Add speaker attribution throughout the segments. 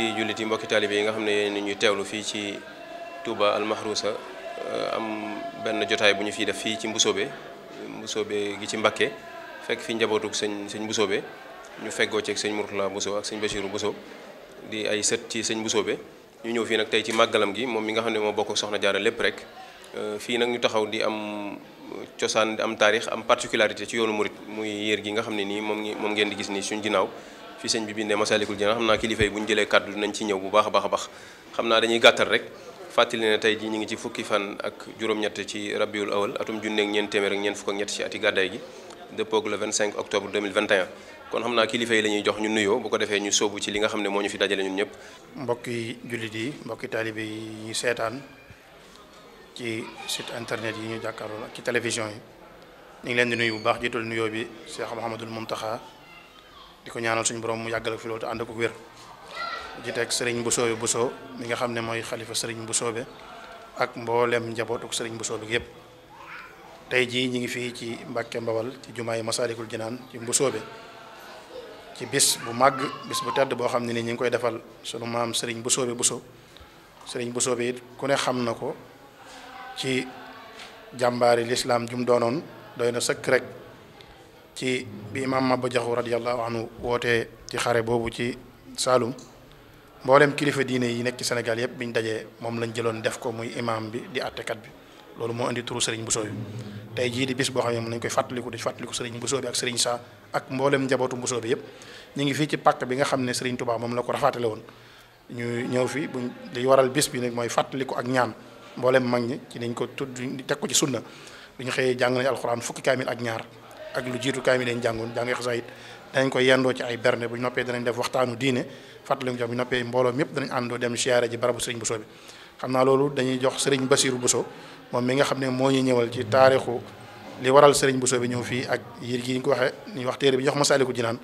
Speaker 1: mbokki jullit yi mbokki taalibe yi nga xam ne yéen ñuy teewlu fii ci Touba Almahrousa euh, am benn jotaay bu ñu fiy def fii ci Mbusoobe Mbusoobe gi ci Mbakke fekk fi njabootug sëñ sëñ Mbusoobe ñu feggoo ceeg sëñ Murtala Buso ak sëñ Bachiru Buso di ay sët ci sëñ Mbusoobe ñu ñëw fii nag tey ci màggalam gi moom mi nga xam ne moo bokk soxna jaara lépp rek euh, fii nag ñu taxaw di am cosaan am taarix am particularité ci yoonu murit muy yéer gi nga xam ne nii moom moom ngeen di gis nii suñ ginnaaw fi sëñ bi bindee Masaalikul Jinaan xam naa kilifa yi bu ñu jëlee kàddu nañ ci ñëw bu baax a baax a baax xam naa dañuy gàttal rek fàttali ne tey jii ñu ngi ci fukki fan ak juróom-ñett ci rabiul awal atum junneeg ñeent téeméer ak ñeent fukk ñett ci ati gàddaay gi dëppoog le 25 octobre 2021 kon xam naa kilifa yi la ñuy jox ñu nuyoo bu ko defee ñu sóobu ci li nga xam ne moo ñu fi dajale ñun ñëpp
Speaker 2: mbokki jullit yi mbokki taalibe yi ñu seetaan ci site internet yi ñu jàkkaarloo ak ci télévision yi ñu ngi leen di nuyu bu baax jiital nuyoo bi Cheikh Mouhamadoul Mountakha di ko ñaanal suñu borom mu yàggal ak fi loolu te ànd ko wér ji teg sëriñ Bousso Bousso mi nga xam ne mooy xalifa sëriñ Bousso bi ak mboolem njabootuk sëriñ Bousso bi yëpp tey jii ñu ngi fii ci Mbàkke Mbawal ci jumaay Masaalikul Jinaan ci Bousso bi ci bis bu màgg bis bu tedd boo xam ne ni ñu ngi koy defal sunu maam sëriñ Bousso bi Bousso sëriñ Bousso bi it ku ne xam na ko ci jàmbaari lislaam jum doonoon doy na sëkk rekk ci bi imaam Maba Jaxu radiyallahu anhu wootee ci xare boobu ci Saalum mboolem kilifa diine yi nekk ci Sénégal yëpp biñ dajee moom lañ jëloon def ko muy imaam bi di àttekat bi loolu moo indi turu Serigne Bousso bi tey jii di bis boo xam ne moom nañ koy fàttaliku di fàttaliku Serigne Bousso bi ak Serigne Sa ak mboolem njabootu yëpp ñu ngi fii ci pàkk bi nga xam ne Serigne Touba moom la ko rafaatale woon ñu ñëw fi buñ li waral bis bi nag mooy fàttaliku ak ñaan mboolem mag ñi ci niñ ko tudd teg ko ci sunna bu ñu xëyee jàng nañ alxuraan fukki kaamil ak ñaar ak lu jiitu kaay mi dañ jàngoon jàngi xasaayit danañ ko yendoo ci ay berne bu noppee danañ def waxtaanu diine fàttali jox bu noppee mbooloo mépp danañ àndoo dem siyaare ji barabu sëriñ Bousso bi xam naa loolu dañuy jox sëriñ Basiru Bousso moom mi nga xam ne moo ñu ñëwal ci taarixu li waral sëriñ Bousso bi ñëw fii ak yir gi ñu ko waxee ñu wax téere bi jox Masaalikul Jinaan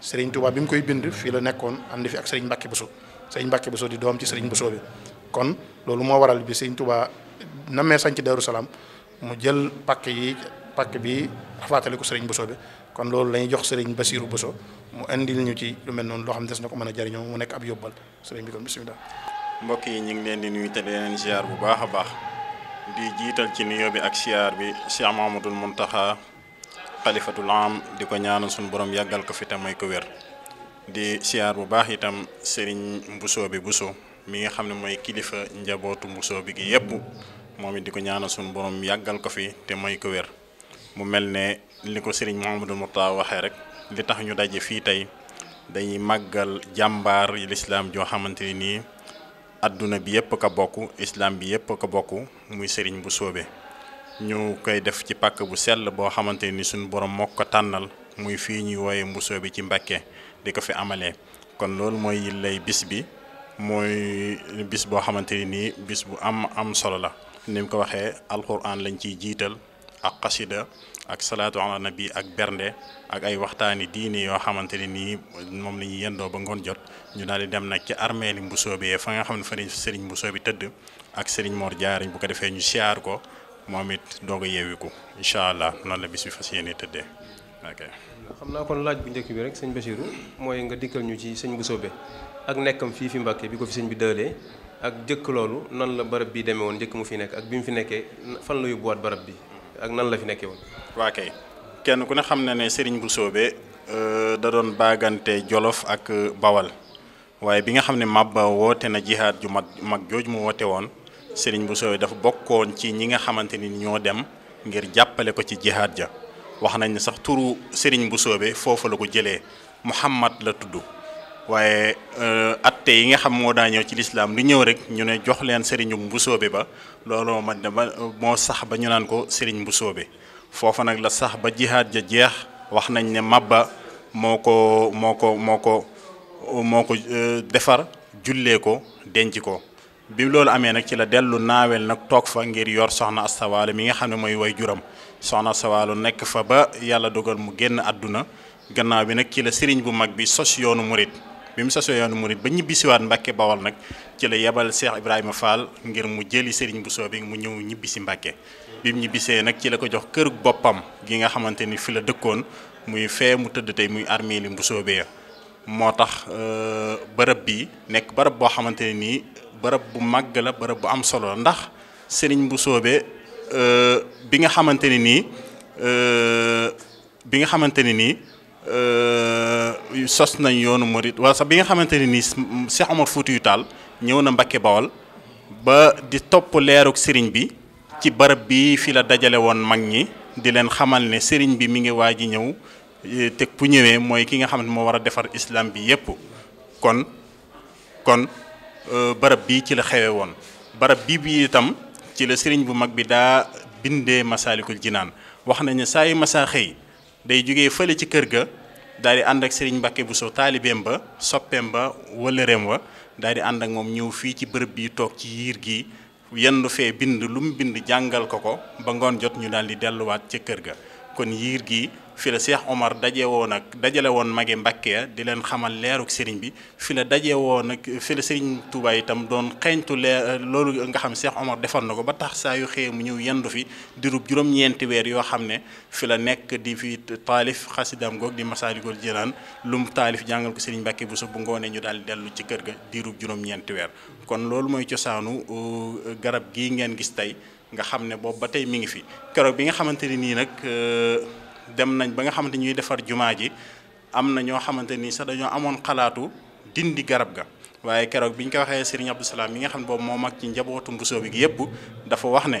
Speaker 2: sëriñ Touba bi mu koy bind fii la nekkoon ànd fi ak sëriñ Mbàkke Bousso sëriñ Mbàkke Bousso di doom ci sëriñ Bousso bi kon loolu moo waral bi sëriñ Touba namee sanc Daaru Salaam mu jël pàkk yi pàkk bi faatale ko sëriñ Bousso bi kon loolu la ñuy jox sëriñ Basiiru Bousso mu indi ñu ci lu mel noonu loo xam ne des na ko mën a jariñoo mu nekk ab yóbbal sëriñ bi kon bisimilah.
Speaker 3: mbokk yi ñu ngi leen di nuyu te leen ziar bu baax a baax di jiital ci nuyoo bi ak ziar bi Cheikh Mamadou Mountakha xalifatul am di ko ñaanal suñu borom yàggal ko fi te may ko di ziar bu baax itam sëriñ Bousso bi Bousso mi nga xam ne mooy kilifa njabootu Bousso bi gi yëpp moom it di ko ñaanal suñu borom yàggal ko fi te may ko wér. mu mel ne li ko sëriñ Mouhamadou Mourtada waxee rek li tax ñu daje fii tey dañuy màggal jàmbaar yi lislaam joo xamante ni nii adduna bi yëpp ka bokk islam bi yëpp ka bokk muy sëriñ bu soobe ñu koy def ci pàkk bu sell boo xamante ni suñu borom moo ko tànnal muy fii ñuy wooye mbusoo bi ci Mbàkke di ko fi amalee kon loolu mooy yillay bis bi mooy bis boo xamante nii bis bu am am solo la ni mu ko waxee alxuraan lañ ciy jiital ak xasida ak salaatu ala nabi ak bernde ak ay waxtaani diine yoo xamante ne nii moom la ñuy yendoo ba ngoon jot ñu daal di dem nag ci armée li Mbusoobe fa nga xam ne fa sëriñ Mbusoobe tëdd ak sëriñ Mor Jaariñ bu ko defee ñu siyaar ko moom doog a yeewiku incha allah noonu la bis bi fas yéene tëddee
Speaker 1: xam naa kon laaj bu njëkk bi rek sëñ Bachirou mooy nga dikkal ñu ci sëñ Mbusoobe ak nekkam fii fi Mbàkke bi ko fi sëñ bi dëlee ak jëkk loolu nan la barab bii demee woon njëkk mu fi nekk ak bi mu fi nekkee fan la yóbbuwaat barab bi. ak nan la fi nekkee woon. waa kay kenn ku ne xam na
Speaker 3: ne Serigne bu soobee euh, da doon bagante Jolof ak euh, Bawal waaye bi nga xam ne Mabba woote na jihaad ju mag mag jooj mu woote woon Serigne bu soobee dafa bokkoon ci ñi nga xamante ni ñoo dem ngir jàppale ko ci jihaad ja wax nañ ne sax turu Serigne bu soobee foofu la ko jëlee Muhammad la tudd. waaye euh, atte yi nga xam moo daa ñëw ci lislaam lu ñëw rek ñu ne jox leen sëriñu mbusoobe ba looloo ma dama moo sax ba ñu naan ko sëriñ mbusoobe foofa nag la sax ba jihaad ja jeex wax nañ ne mabba moo ko moo ko moo ko moo ko euh, defar jullee ko denc ko bi loolu amee nag ci la dellu naawel nag toog fa ngir yor soxna astawaalo mi nga xam ne mooy way juram soxna astawaalo nekk fa ba yàlla dogal mu génn àdduna gannaaw bi nag ci la sëriñ bu mag bi sos yoonu murit bi mu sasoo mu murit ba ñibbisiwaat Mbàkke Bawol nag ci la yebal Cheikh Ibrahima Fall ngir mu jëli Serigne Bousso bi mu ñëw ñibbisi Mbàkke bi mu ñibbisee nag ci la ko jox kër boppam gi nga xamante ni fi la dëkkoon muy fee mu tëdd tey muy armée li Bousso moo tax euh, bërëb bi nekk bërëb boo xamante ne nii bërëb bu màgg la bërëb bu am solo ndax Serigne Bousso bi euh, bi nga xamante ne nii euh, bi nga xamante ne nii Euh, sos nañ yoonu morit wala sax bi nga xamante ne nii Cheikh Omar Foutiyou Tall ñëw na Mbacke Bawol ba di topp leeruk sëriñ bi ci barab bi fi la dajale woon mag ñi di leen xamal ne sëriñ bi mi ngi waaj a ñëw e, te bu ñëwee mooy ki nga xam ne moo war a defar islam bi yépp kon kon e, barab bii ci la xewe woon barab bii bi itam ci la sëriñ bu mag bi daa bindee masaalikul jinaan wax nañu saa yu masaa xëy day jógee fële ci kër ga daal di ànd ak Serigne bu so taalibeem ba soppeem ba wëllëreem wa daldi ànd ak moom ñëw fii ci bërëb bi toog ci yiir gi yendu fee bind lu mu bind jàngal ko ko ba ngoon jot ñu daldi delluwaat ca kër ga kon yiir gi fi la Cheikh Omar daje woon ak dajale woon magi Mbàkke di leen xamal leeruk sëriñ bi fi la daje woon ak fi la sëriñ Touba itam doon xeeñtu leer loolu nga xam seex Omar defoon na ko ba tax saa yu xëyee mu ñëw yendu fi dirub juróom-ñeenti weer yoo xam ne fi la nekk di fi taalif xasidam goog di Masaalikul Jinaan lu mu taalif jàngal ko sëriñ mbakke bu su bu ngoonee ñu daal di dellu ci kër ga dirub juróom-ñeenti weer kon loolu mooy cosaanu euh, garab gii ngeen gis tey nga xam ne boobu ba tey mi ngi fi bi nga xamante ni nii nag euh, dem nañ ba nga xamante ñuy defar jumaa ji am na ñoo xamante ni sax dañoo amoon xalaatu dindi garab ga waaye keroog bi ñu ko waxee Serigne Abdou Salam mi nga xam ne boobu moo mag ci njabootu Mbusoobi gi yëpp dafa wax ne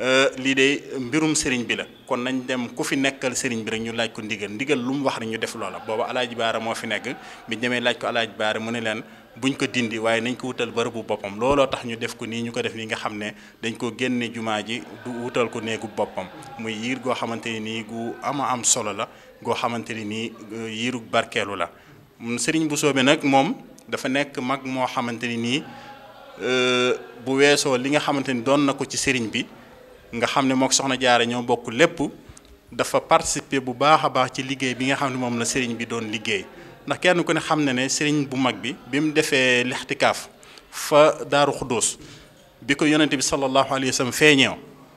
Speaker 3: Euh, lii de mbirum sëriñ bi la kon nañ dem ku fi nekkal sëriñ bi rek ñu laaj ko ndigal ndigal lu mu wax rek ñu def loola booba alaaji baare moo fi nekk biñ demee laaj ko alaaji baare mu ne leen buñ ko dindi waaye nañ ko wutal bërëbu boppam looloo tax ñu def ko nii ñu ko def nii nga xam ne dañ ko génne jumaa ji du wutal ko néegu boppam muy yiir goo xamante ne nii gu ama am solo la goo xamante ne nii euh, yiiru barkeelu la mm, sëriñ bu soobe nag moom dafa nekk mag moo xamante ne nii euh, bu weesoo li nga xamante ni doon na ko ci sëriñ bi nga xam ne mook soxna jaare ñoo bokk lépp dafa participer bu baax a baax ci liggéey bi nga xam ne moom la sëriñ bi doon liggéey ndax kenn ku ne xam ne ne sëriñ bu mag bi bi mu defee lixtikaaf fa daaru xudduus bi ko yonente bi sallallahu alayhi wa sallam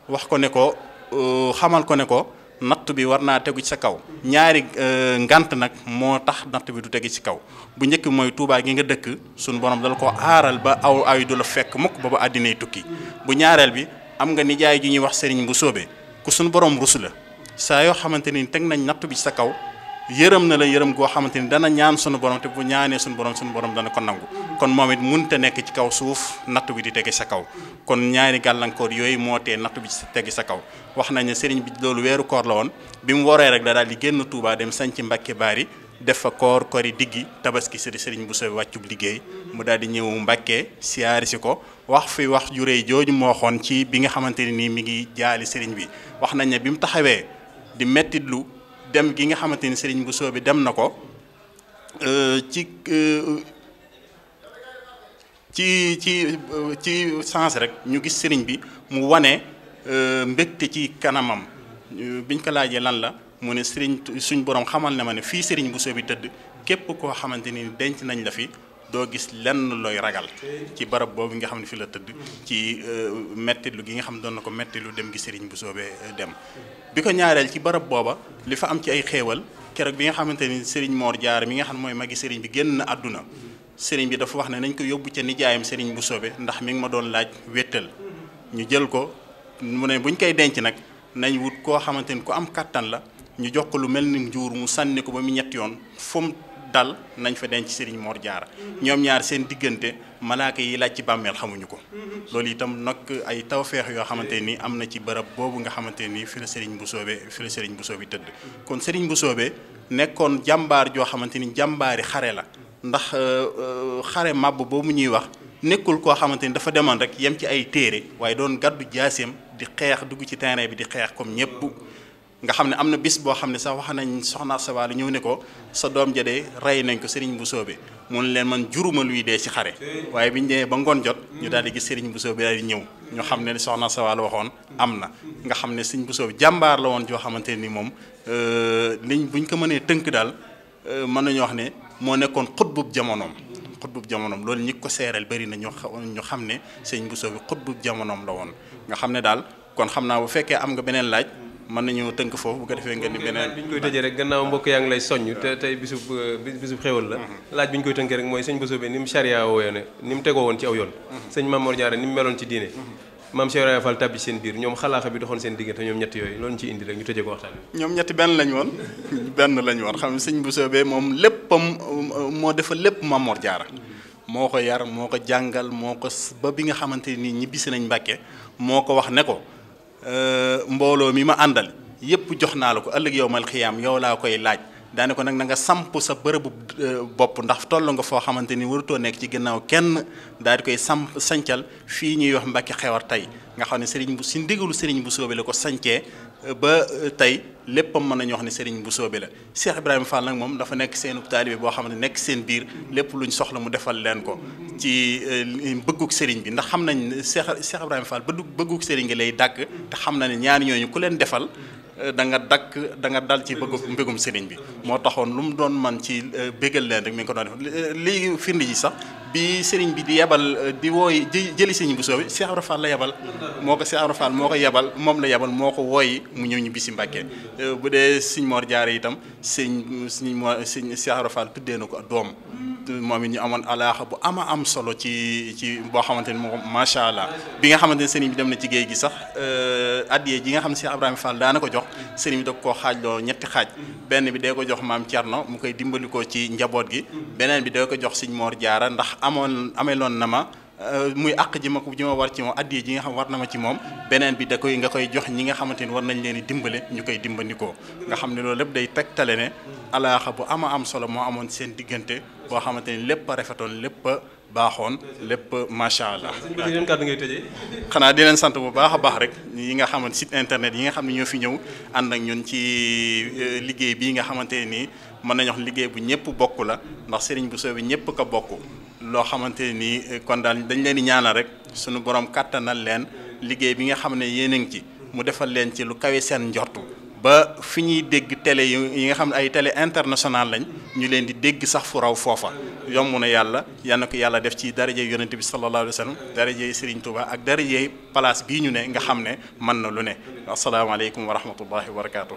Speaker 3: wax ko ne ko euh, xamal ko ne ko natt bi war naa tegu ci sa kaw ñaari euh, ngant nag moo tax natt bi du tegu ci kaw bu njëkk mooy Tuubaa gi nga dëkk suñu borom dal ko aaral ba aw ay du la fekk mukk ba àddina àddinay tukki bu ñaareel am nga nijaay ju ñuy wax sëriñ bu sóobee ku suñu borom rus la saa yoo xamante ni teg nañ natt bi ci sa kaw yërëm na la yërëm goo xamante ni dana ñaan suñu borom te bu ñaanee suñu borom suñu borom dana ko nangu kon moom it mënut a nekk ci kaw suuf natt bi di tege sa kaw kon ñaari gàllankoor yooyu moo tee natt bi ci tege sa kaw wax nañ ne sëriñ bi loolu weeru koor la woon bi mu waree rek da daal di génn Touba dem sañ ci Mbàkke yi def fa koor kori diggi tabaski sëri sëriñ bu soobee wàccub liggéey mu daal di ñëw Mbàkke siyaari si ko wax fi wax ju réy jooju moo xoon ci bi nga xamante ne nii mi ngi jaali sëriñ bi wax nañ ne bi mu taxawee di mettitlu dem gi nga xamante ni sëriñ bu soobee dem na ko euh, ci euh, ci ci ci sens rek ñu gis sëriñ bi mu wane euh, mbégte ci kanamam biñ ko laajee lan la mu ne sëriñ suñ borom xamal na ma ne fii sëriñ bu soobi tëdd képp koo xamante ni denc nañ la fi doo gis lenn looy ragal ci barab boobu nga xam ne fii la tëdd ci euh, mettilu gi nga xam doon na ko mettilu dem gi sëriñ bu soobee euh, dem bi ko ñaareel ci barab booba li fa am ci ay xéewal keroog bi nga xamante ni sëriñ Mor Jaar mi nga xam ne mooy magi sëriñ bi génn na àdduna seriñ bi dafa wax ne nañ ko yóbbu ca nijaayam sëriñ bu soobee ndax mi ngi ma doon laaj wéttal ñu jël ko mu ne buñ koy denc nag nañ wut koo xamante ni ku am kàttan la ñu jox ko lu mel ni njuur mu sànni ko ba mu ñett yoon fu mu dal nañ fa denc Serigne moor Diarra ñoom ñaar seen diggante malaaka yi laaj ci bàmmeel xamuñu ko loolu itam nag ay tawfeex yoo xamante ni am na ci bërëb boobu nga xamante ni fi la Serigne bu soobee fi la Serigne bu soobee tëdd kon Serigne bu soobee nekkoon jàmbaar joo xamante ni jàmbaari xare la ndax euh, euh, xare màbb boobu ñuy wax nekkul koo xamante ni dafa demoon rek yem ci ay téere waaye doon gàddu jaaseem di xeex dugg ci terrain bi di xeex comme ñëpp nga xam ne am na bis boo xam ne sax wax nañ soxna sawalu ñëw ne ko sa doom jadee rey nañ ko sëriñ bu soobe mu ne leen man juruma luy dee ci xare waaye biñu demee ba ngoon jot ñu daal di gis sëriñ bu soobe daal ñëw ñu xam ne soxna sawalu waxoon am na nga xam ne sëriñ bu soobe jàmbaar la woon joo xamante ni moom euh, liñ buñ ko mënee tënk daal euh, mën nañu wax ne moo nekkoon xutbub jamonoom xutbub jamonoom loolu ñi ko seeral bëri na ñu ñu xam ne sëriñ bu soobe xutbub jamonoom la woon nga xam ne daal kon
Speaker 1: xam naa bu fekkee am
Speaker 3: nga beneen laaj mën nañu tënk foofu bu ko defee ngeen di beneen bi ñu koy tëjee
Speaker 1: rek gannaaw mbokk yaa ngi lay soññ te tey bisub euh, bisub xéwal la mhm. laaj bi ñu koy tënkee rek mooy sëñ Bousso bi ni mu charia wooyoo ni mu tegoo woon ci aw yoon mhm. sëñ ni mu meloon ci diine mhm. maam Cheikh seen biir ñoom xalaaxa bi doxoon seen diggante ñoom ñett yooyu loolu ñu ci indi rek ñu tëjee ko waxtaan
Speaker 3: bi ñoom ñetti benn xam ne sëñ Bousso bi moom léppam moo defal lépp Mamor jaara moo ko yar moo ko jàngal moo ko ba bi nga xamante ni si nañ Mbàkke moo ko wax ne ko mbooloo mi ma àndal yépp jox naa la ko ëllëg yow mal yow laa koy laaj daane ko nag na nga samp sa bërëbu euh, bopp ndax toll nga foo xamante ni warutoo nekk ci ginnaaw kenn daal di koy samp sancal fii ñuy wax Mbàkke Xewar tey nga xam ne sëriñ bu si ndigalu bu soobe la ko sancee euh, ba euh, tey léppam mën nañu wax ne sëriñ bu soobe la Cheikh Ibrahima Fall nag moom dafa nekk seenub taalibe boo xam ne nekk seen biir lépp luñ soxla mu defal leen ko ci bëgguk sëriñ bi ndax xam nañ Cheikh Cheikh Ibrahima Fall bëgguk sëriñ gi lay dàgg te xam na ne ñaari ñooñu ku leen defal Euh, da nga dakk da nga dal ci bëggu mbégum sëriñ bi moo taxoon lu mu doon man ci euh, bégal leen rek mi ngi ko doon def euh, léegi firnde ji sax bi sëriñ bi di yebal di wooy jëli sëriñ bu soobee Cheikh Ibra la yebal moo ko Cheikh Ibra moo ko yebal moom la yebal moo ko wooyi mu ñëw ñu bisi Mbàkke bu dee sëriñ Mor Jaara itam sëriñ sëriñ Mor sëriñ Cheikh Ibra tuddee na ko doom moom it ñu amoon alaaxa bu ama am solo ci ci boo xamante ni moom macha allah bi nga xamante ne sëriñ bi dem na ci géej gi sax euh, addiyee ji nga xam si Cheikh Ibrahima Fall daana ko jox sëriñ bi da koo xaajloo ñetti xaaj benn bi dee ko jox maam Thierno mu koy dimbalikoo ci njaboot gi beneen bi dee ko jox sëñ moor Jaara ndax amoon ameloon na ma Euh, muy àq ji ma ko ji war ci moom addiye ji nga xam war na ma ci moom beneen bi da koy nga koy jox ñi nga xamante ni war nañ leen di dimbale ñu koy dimbandikoo nga xam ne loolu lépp day tegtale ne alaaxa bu ama am solo moo amoon seen diggante boo xamante ne lépp a rafetoon lépp a baaxoon lépp macha allah. xanaa di sant bu baax a baax rek yi nga xamante site internet yi nga xam ne ñoo fi ñëw ànd ak ñoon ci euh, liggéey bii nga xamante nii mën nañu ñox liggéey bu ñëpp bokk la ndax sëriñ bu soobee ñëpp ko bokk loo xamante nii eh, kon daal dañ leen di ñaanal rek suñu borom kàttanal leen liggéey bi nga xam ne yéen a ngi ci mu defal leen ci lu kawe seen njortu ba fi ñuy dégg tele yi nga xam ne ay télé international lañ ñu leen di dégg sax fu raw foofa yomb na yàlla yan na ko yàlla def ci daraje yonent bi sallallahu alayhi wa dara daraje Serigne Touba ak daraje place bii ñu ne nga xam ne mën na lu ne asalaamaaleykum wa rahmatullahi wa barakaatu.